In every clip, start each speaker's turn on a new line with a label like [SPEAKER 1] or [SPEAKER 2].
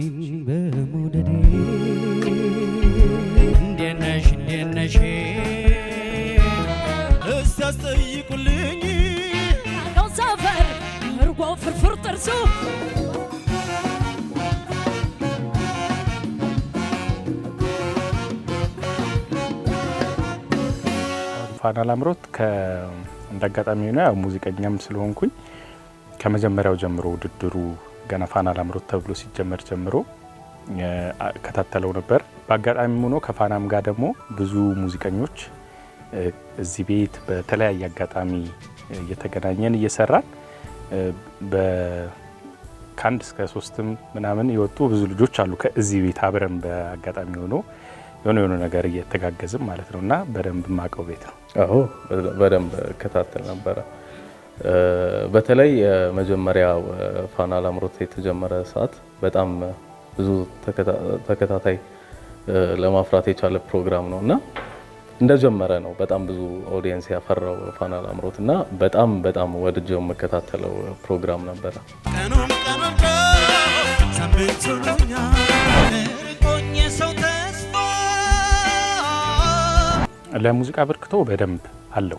[SPEAKER 1] አንቺን በመውደዴ እንዴት ነሽ እንዴት እስቲ አስጠይቁልኝ ያለው ሰፈር እርጎ ፍርፍር ጥርሱ ፋና ላምሮት እንደ አጋጣሚ ሙዚቀኛም ስለሆንኩኝ ከመጀመሪያው ጀምሮ ውድድሩ ገና ፋና ላምሮት ተብሎ ሲጀመር ጀምሮ ከታተለው ነበር። በአጋጣሚ ሆኖ ከፋናም ጋር ደግሞ ብዙ ሙዚቀኞች እዚህ ቤት በተለያየ አጋጣሚ እየተገናኘን እየሰራን ከአንድ እስከ ሶስትም ምናምን የወጡ ብዙ ልጆች አሉ ከእዚህ ቤት አብረን በአጋጣሚ ሆኖ የሆነ የሆነ ነገር እየተጋገዝም ማለት ነው እና በደንብ ማቀው ቤት ነው።
[SPEAKER 2] አዎ በደንብ እከታተል ነበረ። በተለይ የመጀመሪያ ፋና ላምሮት የተጀመረ ሰዓት በጣም ብዙ ተከታታይ ለማፍራት የቻለ ፕሮግራም ነው እና እንደጀመረ ነው በጣም ብዙ ኦዲየንስ ያፈራው ፋና ላምሮት እና በጣም በጣም ወድጀው የምከታተለው ፕሮግራም ነበረ።
[SPEAKER 1] ለሙዚቃ በርክቶ በደንብ አለው።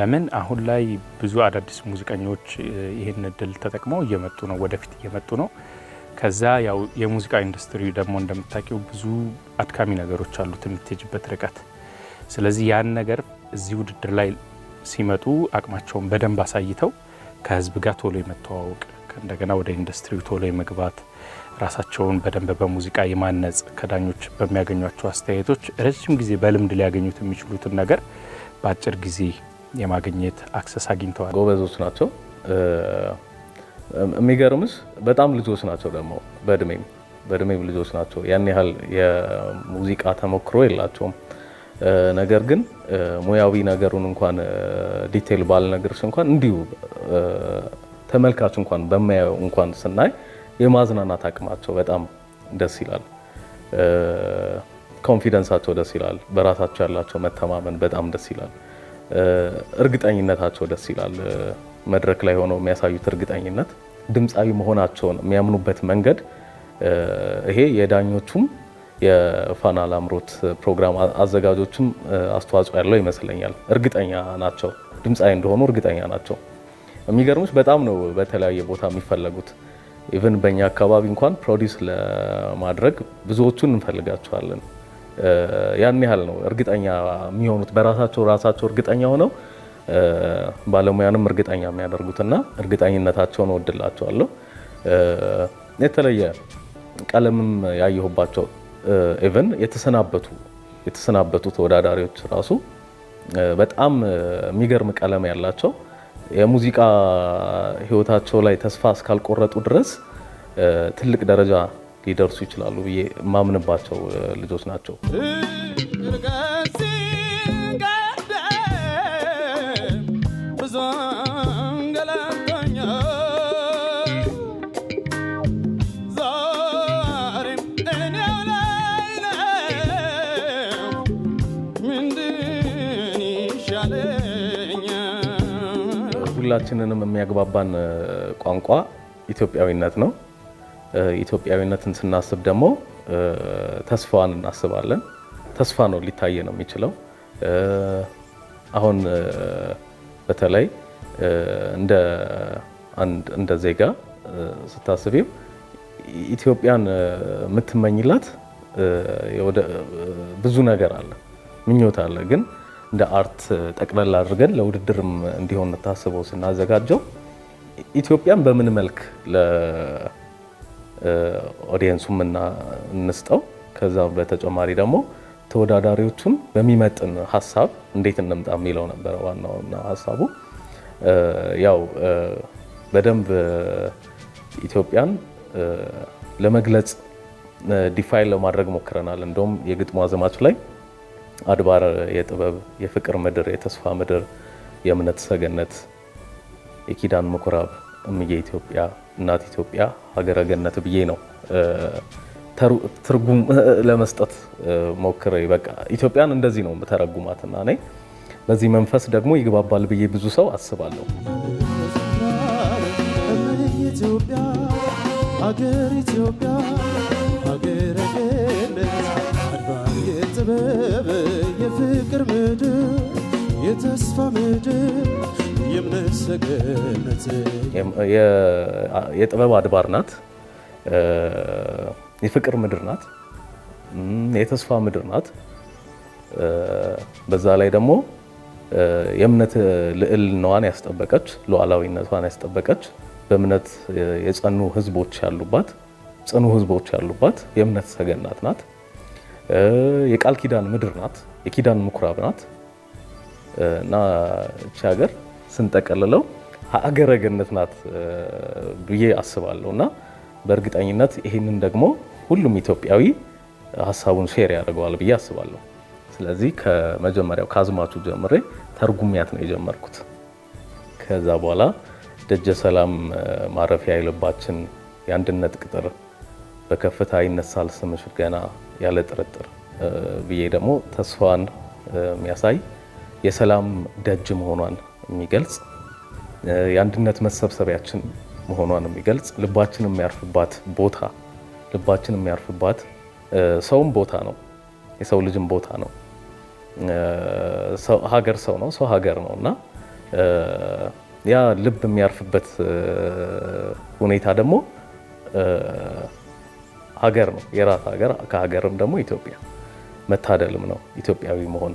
[SPEAKER 1] ለምን አሁን ላይ ብዙ አዳዲስ ሙዚቀኞች ይህን እድል ተጠቅመው እየመጡ ነው፣ ወደፊት እየመጡ ነው። ከዛ ያው የሙዚቃ ኢንዱስትሪ ደግሞ እንደምታውቂው ብዙ አድካሚ ነገሮች አሉት፣ የምትሄጅበት ርቀት። ስለዚህ ያን ነገር እዚህ ውድድር ላይ ሲመጡ አቅማቸውን በደንብ አሳይተው ከህዝብ ጋር ቶሎ የመተዋወቅ እንደገና ወደ ኢንዱስትሪው ቶሎ የመግባት ራሳቸውን በደንብ በሙዚቃ የማነጽ ከዳኞች በሚያገኟቸው አስተያየቶች ረዥም ጊዜ በልምድ ሊያገኙት የሚችሉትን ነገር በአጭር ጊዜ የማግኘት አክሰስ አግኝተዋል።
[SPEAKER 2] ጎበዞች ናቸው። የሚገርምስ በጣም ልጆች ናቸው ደግሞ በእድሜም በእድሜም ልጆች ናቸው። ያን ያህል የሙዚቃ ተሞክሮ የላቸውም። ነገር ግን ሙያዊ ነገሩን እንኳን ዲቴል ባልነግርሽ እንኳን እንዲሁ ተመልካች እንኳን በማያየው እንኳን ስናይ የማዝናናት አቅማቸው በጣም ደስ ይላል። ኮንፊደንሳቸው ደስ ይላል። በራሳቸው ያላቸው መተማመን በጣም ደስ ይላል። እርግጠኝነታቸው ደስ ይላል። መድረክ ላይ ሆነው የሚያሳዩት እርግጠኝነት፣ ድምፃዊ መሆናቸውን የሚያምኑበት መንገድ ይሄ የዳኞቹም የፋና ላምሮት ፕሮግራም አዘጋጆችም አስተዋጽኦ ያለው ይመስለኛል። እርግጠኛ ናቸው፣ ድምፃዊ እንደሆኑ እርግጠኛ ናቸው። የሚገርሙች በጣም ነው በተለያየ ቦታ የሚፈለጉት። ኢቨን በእኛ አካባቢ እንኳን ፕሮዲስ ለማድረግ ብዙዎቹን እንፈልጋቸዋለን። ያን ያህል ነው እርግጠኛ የሚሆኑት በራሳቸው ራሳቸው እርግጠኛ ሆነው ባለሙያንም እርግጠኛ የሚያደርጉትና እርግጠኝነታቸውን ወድላቸዋለሁ። የተለየ ቀለምም ያየሁባቸው ኢቨን የተሰናበቱ የተሰናበቱ ተወዳዳሪዎች ራሱ በጣም የሚገርም ቀለም ያላቸው የሙዚቃ ህይወታቸው ላይ ተስፋ እስካልቆረጡ ድረስ ትልቅ ደረጃ ሊደርሱ ይችላሉ ብዬ የማምንባቸው ልጆች ናቸው። ሁላችንንም የሚያግባባን ቋንቋ ኢትዮጵያዊነት ነው። ኢትዮጵያዊነትን ስናስብ ደግሞ ተስፋዋን እናስባለን። ተስፋ ነው ሊታየ ነው የሚችለው። አሁን በተለይ እንደ አንድ እንደ ዜጋ ስታስቢም ኢትዮጵያን የምትመኝላት ብዙ ነገር አለ፣ ምኞት አለ። ግን እንደ አርት ጠቅለል አድርገን ለውድድርም እንዲሆን ታስበው ስናዘጋጀው ኢትዮጵያን በምን መልክ ኦዲየንሱም እንስጠው። ከዛ በተጨማሪ ደግሞ ተወዳዳሪዎቹን በሚመጥን ሀሳብ እንዴት እንምጣ የሚለው ነበረ ዋናውና ሀሳቡ። ያው በደንብ ኢትዮጵያን ለመግለጽ ዲፋይን ለማድረግ ሞክረናል። እንደውም የግጥሙ አዘማች ላይ አድባር የጥበብ የፍቅር ምድር፣ የተስፋ ምድር፣ የእምነት ሰገነት፣ የኪዳን ምኩራብ እምዬ ኢትዮጵያ እናት ኢትዮጵያ ሀገረ ገነት ብዬ ነው ትርጉም ለመስጠት ሞክሬ በቃ ኢትዮጵያን እንደዚህ ነው የምተረጉማትና እኔ በዚህ መንፈስ ደግሞ ይግባባል ብዬ ብዙ ሰው አስባለሁ። የጥበብ የፍቅር ምድር የተስፋ ምድር የጥበብ አድባር ናት። የፍቅር ምድር ናት። የተስፋ ምድር ናት። በዛ ላይ ደግሞ የእምነት ልዕልናዋን ያስጠበቀች፣ ሉዓላዊነቷን ያስጠበቀች በእምነት የጸኑ ህዝቦች ያሉባት ጽኑ ህዝቦች ያሉባት የእምነት ሰገናት ናት። የቃል ኪዳን ምድር ናት። የኪዳን ምኩራብ ናት እና እቺ ሀገር ስንጠቀልለው ሀገረ ገነት ናት ብዬ አስባለሁ እና በእርግጠኝነት ይህንን ደግሞ ሁሉም ኢትዮጵያዊ ሀሳቡን ሼር ያደርገዋል ብዬ አስባለሁ። ስለዚህ ከመጀመሪያው ከአዝማቹ ጀምሬ ተርጉሚያት ነው የጀመርኩት። ከዛ በኋላ ደጀ ሰላም ማረፊያ የልባችን የአንድነት ቅጥር በከፍታ ይነሳል ስምሽ ገና ያለ ጥርጥር ብዬ ደግሞ ተስፋን የሚያሳይ የሰላም ደጅ መሆኗን የሚገልጽ የአንድነት መሰብሰቢያችን መሆኗን የሚገልጽ ልባችን የሚያርፍባት ቦታ ልባችን የሚያርፍባት ሰውም ቦታ ነው፣ የሰው ልጅም ቦታ ነው። ሀገር ሰው ነው፣ ሰው ሀገር ነው እና ያ ልብ የሚያርፍበት ሁኔታ ደግሞ ሀገር ነው። የራስ ሀገር ከሀገርም ደግሞ ኢትዮጵያ መታደልም ነው ኢትዮጵያዊ መሆን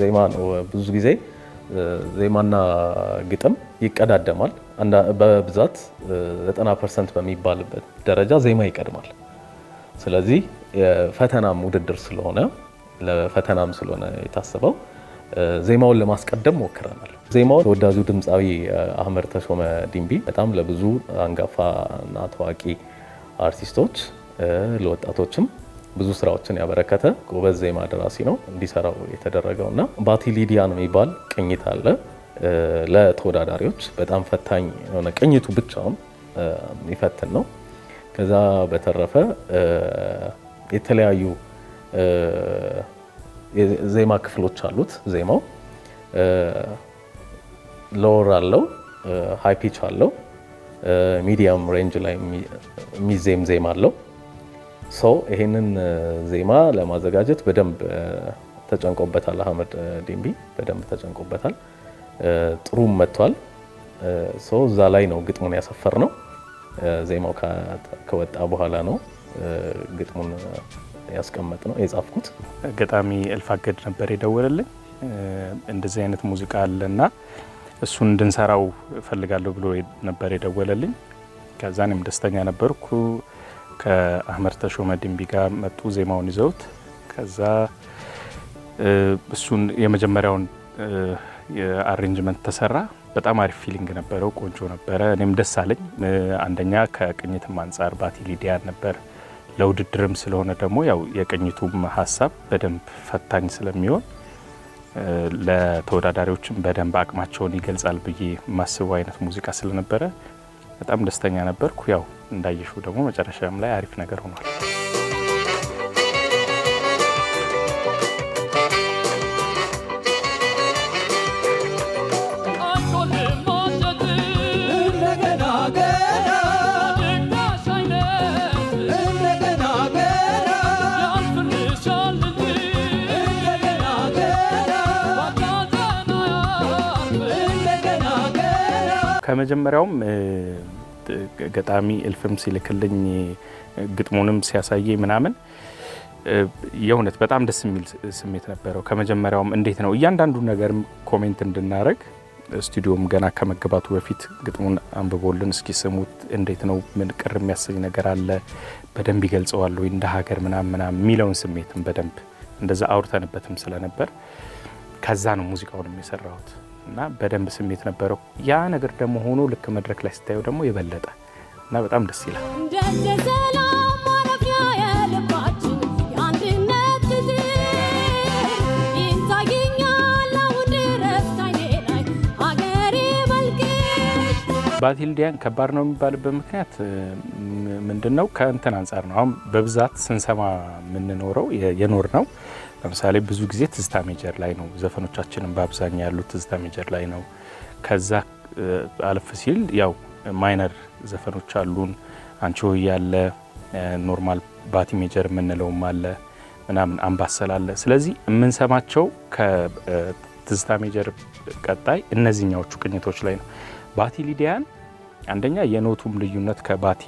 [SPEAKER 2] ዜማ ነው። ብዙ ጊዜ ዜማና ግጥም ይቀዳደማል። በብዛት 90 ፐርሰንት በሚባልበት ደረጃ ዜማ ይቀድማል። ስለዚህ ፈተናም ውድድር ስለሆነ ለፈተናም ስለሆነ የታሰበው ዜማውን ለማስቀደም ሞክረናል። ዜማውን ተወዳጁ ድምፃዊ አህመድ ተሾመ ዲምቢ በጣም ለብዙ አንጋፋና ታዋቂ አርቲስቶች ለወጣቶችም ብዙ ስራዎችን ያበረከተ ጎበዝ ዜማ ደራሲ ነው እንዲሰራው የተደረገው እና ባቲ ሊዲያ ነው የሚባል ቅኝት አለ። ለተወዳዳሪዎች በጣም ፈታኝ የሆነ ቅኝቱ ብቻውን የሚፈትን ነው። ከዛ በተረፈ የተለያዩ ዜማ ክፍሎች አሉት። ዜማው ሎወር አለው፣ ሃይ ፒች አለው፣ ሚዲየም ሬንጅ ላይ የሚዜም ዜማ አለው። ሰው ይሄንን ዜማ ለማዘጋጀት በደንብ ተጨንቆበታል። አህመድ ዲምቢ በደንብ ተጨንቆበታል። ጥሩም መጥቷል። ሰው እዛ ላይ ነው ግጥሙን ያሰፈር ነው። ዜማው ከወጣ በኋላ ነው ግጥሙን ያስቀመጥ ነው የጻፍኩት።
[SPEAKER 1] ገጣሚ እልፋገድ ነበር የደወለልኝ። እንደዚህ አይነት ሙዚቃ አለና እሱን እንድንሰራው እፈልጋለሁ ብሎ ነበር የደወለልኝ። ከዛኔም ደስተኛ ነበርኩ። ከአህመድ ተሾመ ድንቢ ጋር መጡ ዜማውን ይዘውት። ከዛ እሱን የመጀመሪያውን የአሬንጅመንት ተሰራ። በጣም አሪፍ ፊሊንግ ነበረው፣ ቆንጆ ነበረ። እኔም ደስ አለኝ። አንደኛ ከቅኝትም አንጻር ባቲ ሊዲያን ነበር ለውድድርም ስለሆነ ደግሞ ያው የቅኝቱም ሀሳብ በደንብ ፈታኝ ስለሚሆን ለተወዳዳሪዎችም በደንብ አቅማቸውን ይገልጻል ብዬ የማስበው አይነት ሙዚቃ ስለነበረ በጣም ደስተኛ ነበርኩ። ያው እንዳየሹ ደግሞ መጨረሻም ላይ አሪፍ ነገር ሆኗል። ከመጀመሪያውም ገጣሚ እልፍም ሲልክልኝ ግጥሙንም ሲያሳየኝ ምናምን የእውነት በጣም ደስ የሚል ስሜት ነበረው። ከመጀመሪያውም እንዴት ነው እያንዳንዱ ነገርም ኮሜንት እንድናደረግ ስቱዲዮም ገና ከመግባቱ በፊት ግጥሙን አንብቦልን እስኪ ስሙት፣ እንዴት ነው ምን ቅር የሚያሰኝ ነገር አለ፣ በደንብ ይገልጸዋል ወይ እንደ ሀገር ምናምን ምናምን የሚለውን ስሜትም በደንብ እንደዛ አውርተንበትም ስለነበር ከዛ ነው ሙዚቃውንም የሰራሁት እና በደንብ ስሜት ነበረው። ያ ነገር ደግሞ ሆኖ ልክ መድረክ ላይ ስታየው ደግሞ የበለጠ እና በጣም ደስ ይላል። ባቲልዲያን ከባድ ነው የሚባልበት ምክንያት ምንድን ነው? ከእንትን አንጻር ነው። አሁን በብዛት ስንሰማ የምንኖረው የኖር ነው። ለምሳሌ ብዙ ጊዜ ትዝታ ሜጀር ላይ ነው ዘፈኖቻችንም በአብዛኛው ያሉት ትዝታ ሜጀር ላይ ነው። ከዛ አለፍ ሲል ያው ማይነር ዘፈኖች አሉን። አንቺ ያለ ኖርማል ባቲ ሜጀር የምንለውም አለ ምናምን አምባሰል አለ። ስለዚህ የምንሰማቸው ከትዝታ ሜጀር ቀጣይ እነዚህኛዎቹ ቅኝቶች ላይ ነው። ባቲ ሊዲያን አንደኛ የኖቱም ልዩነት ከባቲ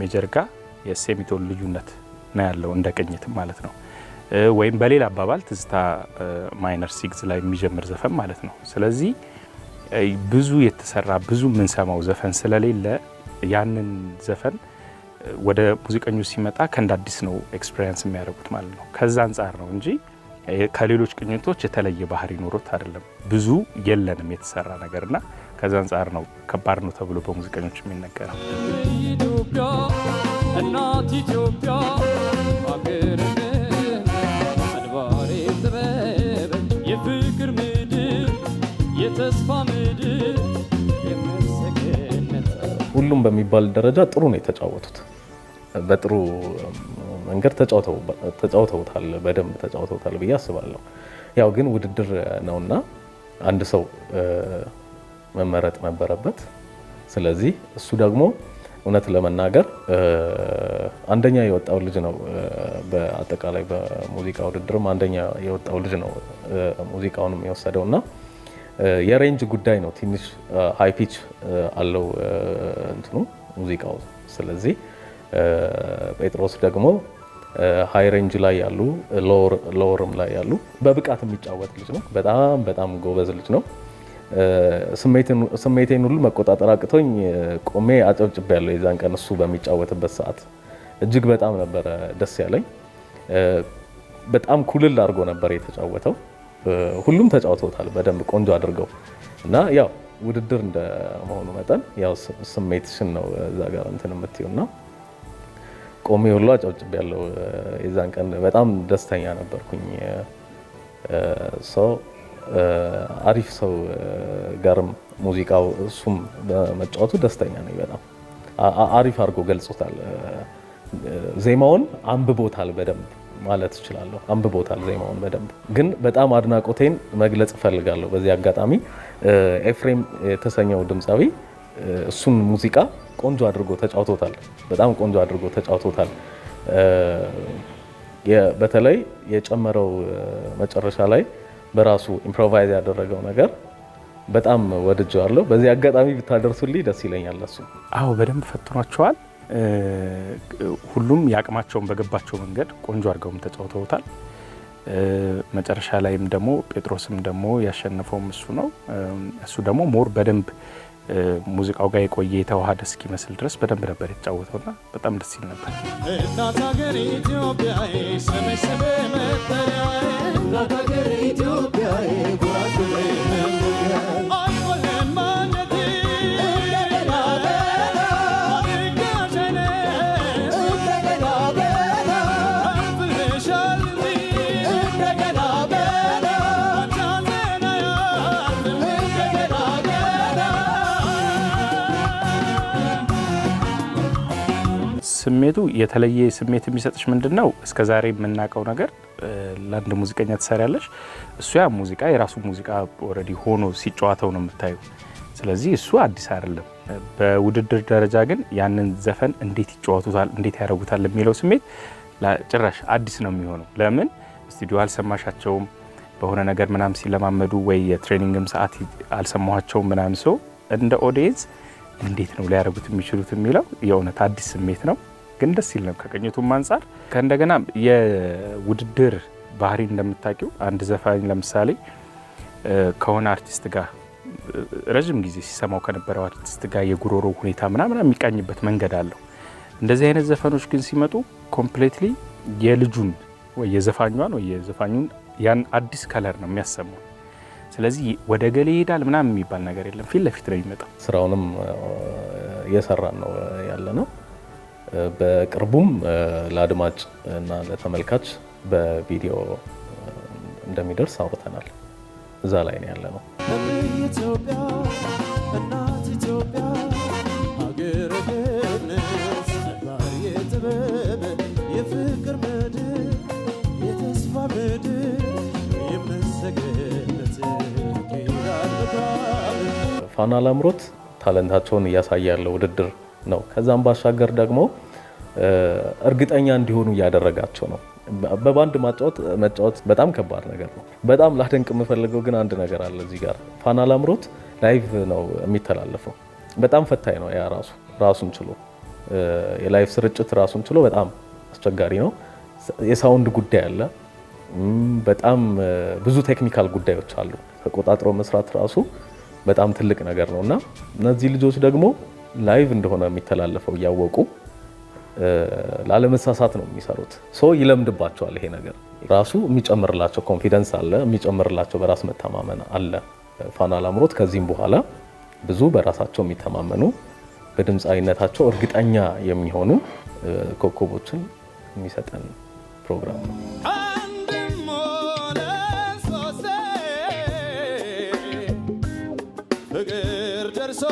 [SPEAKER 1] ሜጀር ጋር የሴሚቶን ልዩነት ነው ያለው እንደ ቅኝት ማለት ነው። ወይም በሌላ አባባል ትዝታ ማይነር ሲግዝ ላይ የሚጀምር ዘፈን ማለት ነው። ስለዚህ ብዙ የተሰራ ብዙ የምንሰማው ዘፈን ስለሌለ ያንን ዘፈን ወደ ሙዚቀኞች ሲመጣ ከእንደ አዲስ ነው ኤክስፔሪንስ የሚያደርጉት ማለት ነው። ከዛ አንጻር ነው እንጂ ከሌሎች ቅኝቶች የተለየ ባህሪ ኖሮት አይደለም። ብዙ የለንም የተሰራ ነገር እና ከዛ አንጻር ነው ከባድ ነው ተብሎ በሙዚቀኞች የሚነገረው።
[SPEAKER 2] በሚባል ደረጃ ጥሩ ነው የተጫወቱት። በጥሩ መንገድ ተጫውተውታል፣ በደንብ ተጫውተውታል ብዬ አስባለሁ። ያው ግን ውድድር ነውና አንድ ሰው መመረጥ ነበረበት። ስለዚህ እሱ ደግሞ እውነት ለመናገር አንደኛ የወጣው ልጅ ነው። በአጠቃላይ በሙዚቃ ውድድርም አንደኛ የወጣው ልጅ ነው ሙዚቃውንም ና። የሬንጅ ጉዳይ ነው። ትንሽ ሃይፒች አለው እንትኑ ሙዚቃው። ስለዚህ ጴጥሮስ ደግሞ ሃይ ሬንጅ ላይ ያሉ ሎወርም ላይ ያሉ በብቃት የሚጫወት ልጅ ነው። በጣም በጣም ጎበዝ ልጅ ነው። ስሜቴን ሁሉ መቆጣጠር አቅቶኝ ቆሜ አጨብጭብ ያለው የዛን ቀን እሱ በሚጫወትበት ሰዓት እጅግ በጣም ነበረ ደስ ያለኝ። በጣም ኩልል አድርጎ ነበር የተጫወተው። ሁሉም ተጫውተውታል በደንብ ቆንጆ አድርገው እና ያው ውድድር እንደመሆኑ መጠን ያው ስሜትሽን ነው እዛ ጋር እንትን የምትይው እና ቆሜ ሁሉ አጨብጭብ ያለው የዛን ቀን በጣም ደስተኛ ነበርኩኝ። ሰው አሪፍ ሰው ጋርም ሙዚቃው እሱም በመጫወቱ ደስተኛ ነኝ። በጣም አሪፍ አድርጎ ገልጾታል። ዜማውን አንብቦታል በደንብ ማለት እችላለሁ። አንብቦታል ዜማውን በደንብ ግን በጣም አድናቆቴን መግለጽ እፈልጋለሁ በዚህ አጋጣሚ ኤፍሬም የተሰኘው ድምፃዊ እሱን ሙዚቃ ቆንጆ አድርጎ ተጫውቶታል። በጣም ቆንጆ አድርጎ ተጫውቶታል። በተለይ የጨመረው መጨረሻ ላይ በራሱ ኢምፕሮቫይዝ ያደረገው ነገር በጣም ወድጀዋለሁ። በዚህ አጋጣሚ ብታደርሱልኝ ደስ ይለኛል። እሱ
[SPEAKER 1] አዎ፣ በደንብ ፈትኗቸዋል። ሁሉም የአቅማቸውን በገባቸው መንገድ ቆንጆ አድርገውም ተጫውተውታል። መጨረሻ ላይም ደግሞ ጴጥሮስም ደግሞ ያሸነፈውም እሱ ነው። እሱ ደግሞ ሞር በደንብ ሙዚቃው ጋር የቆየ የተዋሃደ እስኪመስል ድረስ በደንብ ነበር የተጫወተው የተጫወተውና በጣም ደስ ይል ነበር። ኢትዮጵያ ስሜቱ የተለየ ስሜት የሚሰጥሽ ምንድን ነው? እስከዛሬ የምናውቀው ነገር ለአንድ ሙዚቀኛ ትሰሪያለሽ፣ እሱ ያ ሙዚቃ የራሱ ሙዚቃ ኦልሬዲ ሆኖ ሲጫዋተው ነው የምታዩ። ስለዚህ እሱ አዲስ አይደለም። በውድድር ደረጃ ግን ያንን ዘፈን እንዴት ይጫወቱታል፣ እንዴት ያደርጉታል የሚለው ስሜት ጭራሽ አዲስ ነው የሚሆነው። ለምን ስቱዲዮ አልሰማሻቸውም በሆነ ነገር ምናምን ሲለማመዱ ወይ የትሬኒንግም ሰዓት አልሰማኋቸውም ምናምን ሰው እንደ ኦዲየንስ እንዴት ነው ሊያደርጉት የሚችሉት የሚለው የእውነት አዲስ ስሜት ነው። ግን ደስ ይል ነው ከቅኝቱም አንጻር ከእንደገና የውድድር ባህሪ እንደምታውቂው አንድ ዘፋኝ ለምሳሌ ከሆነ አርቲስት ጋር ረዥም ጊዜ ሲሰማው ከነበረው አርቲስት ጋር የጉሮሮ ሁኔታ ምናምን የሚቃኝበት መንገድ አለው። እንደዚህ አይነት ዘፈኖች ግን ሲመጡ ኮምፕሌትሊ የልጁን ወይ የዘፋኟን ወይ የዘፋኙን ያን አዲስ ከለር ነው የሚያሰማው። ስለዚህ ወደ ገሌ ይሄዳል ምናምን የሚባል ነገር የለም። ፊት ለፊት ነው የሚመጣው።
[SPEAKER 2] ስራውንም እየሰራን ነው ያለ ነው። በቅርቡም ለአድማጭ እና ለተመልካች በቪዲዮ እንደሚደርስ አውርተናል። እዛ ላይ ነው ያለ ነው። ኢትዮጵያ የፍቅር የተስፋ ፋና ላምሮት ታለንታቸውን እያሳየ ያለው ውድድር ነው። ከዛም ባሻገር ደግሞ እርግጠኛ እንዲሆኑ እያደረጋቸው ነው። በባንድ ማጫወት መጫወት በጣም ከባድ ነገር ነው። በጣም ላደንቅ የምፈልገው ግን አንድ ነገር አለ። እዚህ ጋር ፋና ላምሮት ላይቭ ነው የሚተላለፈው። በጣም ፈታኝ ነው ያ ራሱ ራሱን ችሎ የላይቭ ስርጭት ራሱን ችሎ በጣም አስቸጋሪ ነው። የሳውንድ ጉዳይ አለ። በጣም ብዙ ቴክኒካል ጉዳዮች አሉ። ተቆጣጥሮ መስራት ራሱ በጣም ትልቅ ነገር ነው እና እነዚህ ልጆች ደግሞ ላይቭ እንደሆነ የሚተላለፈው እያወቁ ላለመሳሳት ነው የሚሰሩት። ሰው ይለምድባቸዋል። ይሄ ነገር ራሱ የሚጨምርላቸው ኮንፊደንስ አለ፣ የሚጨምርላቸው በራስ መተማመን አለ። ፋና ላምሮት ከዚህም በኋላ ብዙ በራሳቸው የሚተማመኑ በድምፃዊነታቸው እርግጠኛ የሚሆኑ ኮከቦችን የሚሰጠን ፕሮግራም ነው። ፍቅር ደርሶ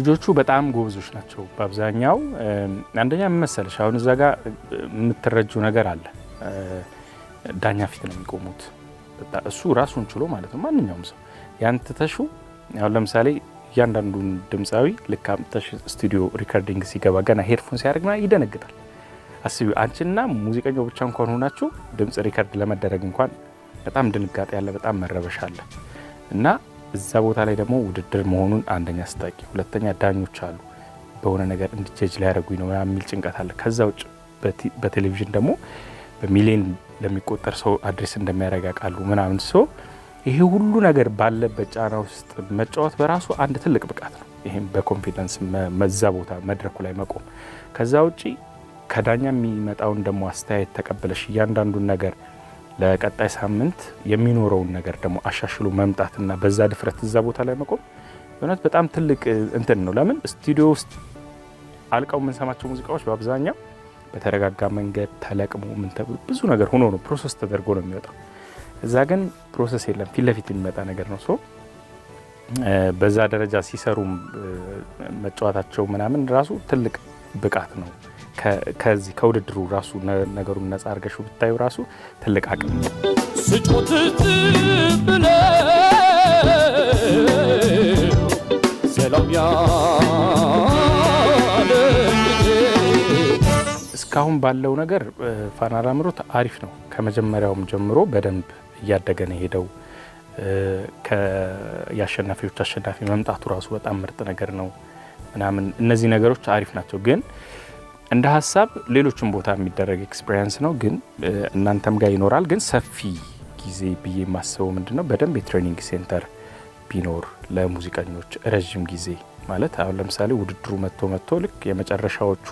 [SPEAKER 1] ልጆቹ በጣም ጎበዞች ናቸው በአብዛኛው። አንደኛ መሰለሽ አሁን እዛ ጋ የምትረጁ ነገር አለ። ዳኛ ፊት ነው የሚቆሙት። እሱ ራሱን ችሎ ማለት ነው ማንኛውም ሰው ያን ትተሹ አሁን ለምሳሌ እያንዳንዱን ድምፃዊ ልክ አምጥተሽ ስቱዲዮ ሪከርዲንግ ሲገባ ገና ሄድፎን ሲያደርግ ይደነግጣል። አስቢ አንቺና ሙዚቀኛው ብቻ እንኳን ሆናችሁ ድምፅ ሪከርድ ለመደረግ እንኳን በጣም ድንጋጤ ያለ፣ በጣም መረበሻ አለ እና እዛ ቦታ ላይ ደግሞ ውድድር መሆኑን አንደኛ ስታቂ፣ ሁለተኛ ዳኞች አሉ፣ በሆነ ነገር እንድጀጅ ሊያደርጉኝ ነው የሚል ጭንቀት አለ። ከዛ ውጭ በቴሌቪዥን ደግሞ በሚሊዮን ለሚቆጠር ሰው አድሬስ እንደሚያደርግ ያውቃሉ ምናምን ሰው ይሄ ሁሉ ነገር ባለበት ጫና ውስጥ መጫወት በራሱ አንድ ትልቅ ብቃት ነው። ይህም በኮንፊደንስ መዛ ቦታ መድረኩ ላይ መቆም ከዛ ውጪ ከዳኛ የሚመጣውን ደግሞ አስተያየት ተቀበለሽ እያንዳንዱን ነገር ለቀጣይ ሳምንት የሚኖረውን ነገር ደግሞ አሻሽሎ መምጣትና በዛ ድፍረት እዛ ቦታ ላይ መቆም በእውነት በጣም ትልቅ እንትን ነው። ለምን ስቱዲዮ ውስጥ አልቀው የምንሰማቸው ሙዚቃዎች በአብዛኛው በተረጋጋ መንገድ ተለቅሞ ምን ተብሎ ብዙ ነገር ሆኖ ነው ፕሮሰስ ተደርጎ ነው የሚወጣው። እዛ ግን ፕሮሰስ የለም፣ ፊት ለፊት የሚመጣ ነገር ነው። ሶ በዛ ደረጃ ሲሰሩ መጫወታቸው ምናምን ራሱ ትልቅ ብቃት ነው። ከዚህ ከውድድሩ ራሱ ነገሩን ነጻ አድርገሹ ብታዩ ራሱ ትልቅ አቅም ስጮት ብለ ሰላም ያለ እስካሁን ባለው ነገር ፋና ላምሮት አሪፍ ነው። ከመጀመሪያውም ጀምሮ በደንብ እያደገ ነው ሄደው የአሸናፊዎች አሸናፊ መምጣቱ ራሱ በጣም ምርጥ ነገር ነው ምናምን እነዚህ ነገሮች አሪፍ ናቸው ግን እንደ ሀሳብ ሌሎችም ቦታ የሚደረግ ኤክስፔሪንስ ነው፣ ግን እናንተም ጋር ይኖራል። ግን ሰፊ ጊዜ ብዬ የማስበው ምንድን ነው በደንብ የትሬኒንግ ሴንተር ቢኖር ለሙዚቀኞች ረዥም ጊዜ ማለት አሁን ለምሳሌ ውድድሩ መጥቶ መጥቶ ልክ የመጨረሻዎቹ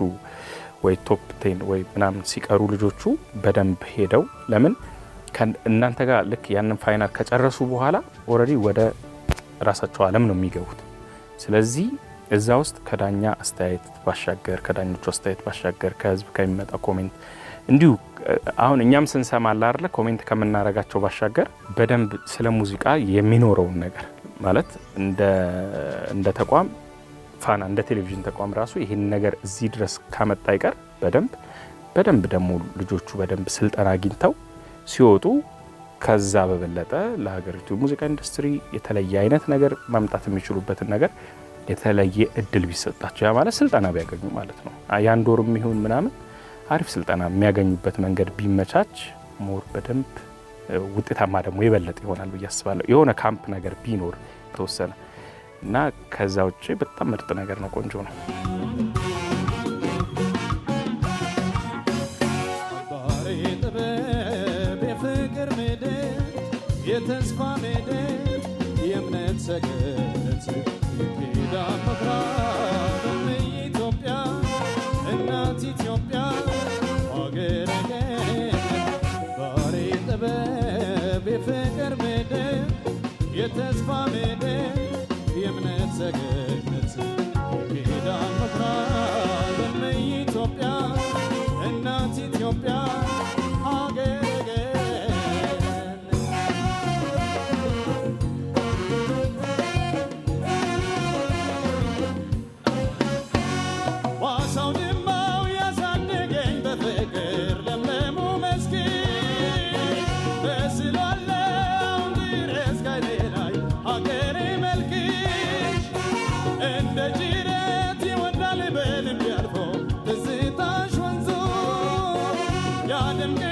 [SPEAKER 1] ወይ ቶፕ ቴን ወይ ምናምን ሲቀሩ ልጆቹ በደንብ ሄደው ለምን እናንተ ጋር ልክ ያንን ፋይናል ከጨረሱ በኋላ ኦልሬዲ ወደ ራሳቸው አለም ነው የሚገቡት። ስለዚህ እዛ ውስጥ ከዳኛ አስተያየት ባሻገር ከዳኞቹ አስተያየት ባሻገር ከህዝብ ከሚመጣ ኮሜንት እንዲሁ አሁን እኛም ስንሰማ ላርለ ኮሜንት ከምናረጋቸው ባሻገር በደንብ ስለ ሙዚቃ የሚኖረውን ነገር ማለት እንደ ተቋም ፋና እንደ ቴሌቪዥን ተቋም ራሱ ይህን ነገር እዚህ ድረስ ካመጣ ይቀር በደንብ በደንብ ደግሞ ልጆቹ በደንብ ስልጠና አግኝተው ሲወጡ ከዛ በበለጠ ለሀገሪቱ ሙዚቃ ኢንዱስትሪ የተለየ አይነት ነገር ማምጣት የሚችሉበትን ነገር የተለየ እድል ቢሰጣቸው ያ ማለት ስልጠና ቢያገኙ ማለት ነው። የአንድ ወር የሚሆን ምናምን አሪፍ ስልጠና የሚያገኙበት መንገድ ቢመቻች ሞር በደንብ ውጤታማ ደግሞ የበለጠ ይሆናል ብዬ አስባለሁ። የሆነ ካምፕ ነገር ቢኖር የተወሰነ እና ከዛ ውጭ በጣም ምርጥ ነገር ነው። ቆንጆ ነው። tens família. not and